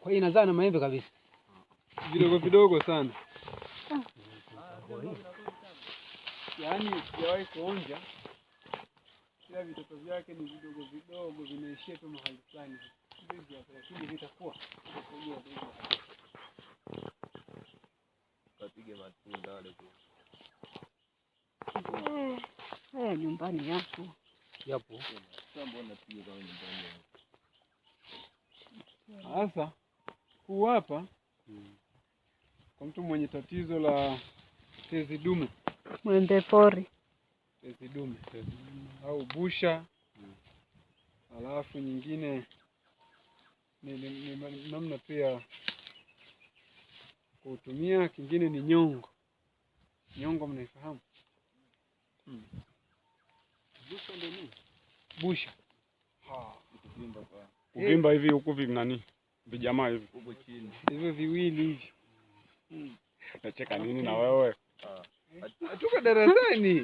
Kwa hiyo inazaa na maembe kabisa vidogo vidogo sana. Yaani sijawahi kuonja, kila vitoto vyake ni vidogo vidogo, vinaishia tu mahali fulani, lakini vitakuwa matunda haya eh, nyumbani yako yapo. Sasa huu hapa kwa mtu mwenye tatizo la tezi dume, mwende pori, tezi dume au busha hmm. Alafu nyingine ni, ni, ni namna pia kuutumia, kingine ni nyongo. Nyongo mnaifahamu? hmm. Busho ndio nini? Busho. Ah, kuvimba kwa. Kuvimba hivi huku hivi nani? Vijamaa hivi. Huko chini. Hivyo viwili hivi. Hmm. Nacheka nini na wewe? Ah. Tuko darasani.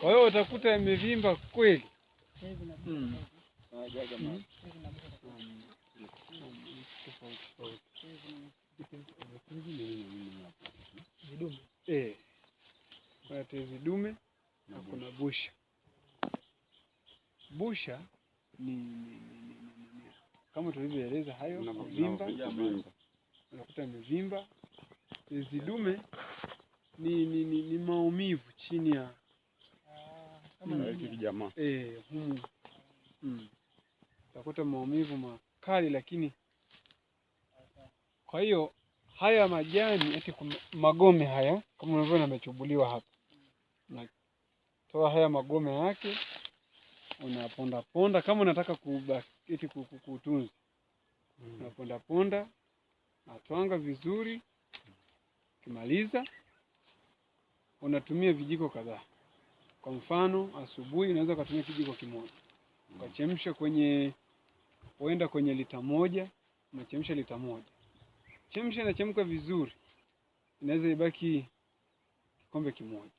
Kwa hiyo utakuta imevimba kweli. Mm. Tofauti tofauti. Vidumu. Eh. eh, kuna tezi dume na kuna busha. Busha ni, ni, ni, ni, ni, ni. kama tulivyoeleza hayo mvimba, unakuta mivimba. Tezi dume ni, ni, ni, ni maumivu chini ya ah, hmm. jamaa eh, humu hmm. utakuta maumivu makali, lakini kwa hiyo haya majani eti magome haya, kama unavyoona yamechubuliwa hapa. Unatoa haya magome yake, unaponda ponda kama unataka kuba, eti kutunza, hmm. unaponda ponda natwanga vizuri. Ukimaliza unatumia vijiko kadhaa. Kwa mfano, asubuhi unaweza ukatumia kijiko kimoja hmm. ukachemsha kwenye, huenda kwenye lita moja, unachemsha lita moja chemsha, inachemka vizuri, inaweza ibaki kikombe kimoja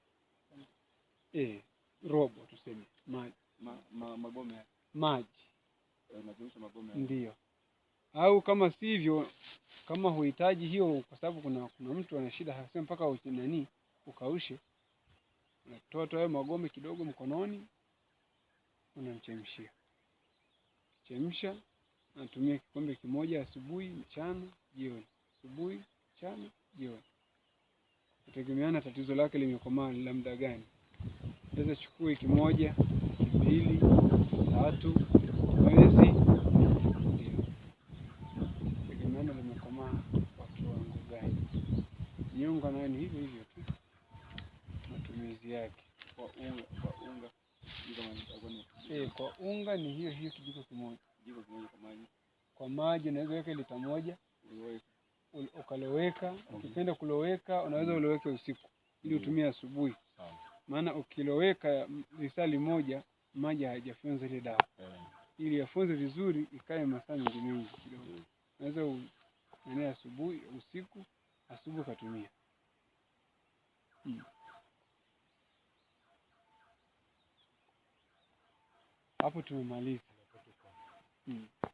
eh, robo tuseme maji ma, ma, magome maji eh, ndio, au kama sivyo, kama huhitaji hiyo, kwa sababu kuna kuna mtu ana shida hasa mpaka nani ukaushe, unatoa toa magome kidogo mkononi, unamchemshia chemsha, natumia kikombe kimoja asubuhi, mchana, jioni asubuhi, mchana, jioni, kutegemeana tatizo lake limekomaa la muda gani. Unaweza chukua wiki moja, mbili, tatu, mwezi, ndio kutegemeana limekomaa kwa kiwango gani. Nyonga nayo ni hivyo hivyo tu, matumizi yake kwa unga, kwa unga E, kwa unga ni hiyo hiyo kijiko kimoja, kwa maji, unaweza weka lita moja ukaloweka. Mm-hmm. Ukipenda kuloweka, unaweza mm-hmm. uloweke usiku ili mm-hmm. utumie asubuhi, maana ukiloweka lisali moja maji hayajafyonza ile dawa, eh. ili yafunze vizuri ikae masaa mengi mengi kidogo. Unaweza unene asubuhi, usiku, asubuhi ukatumia hmm. Hapo tumemaliza hmm.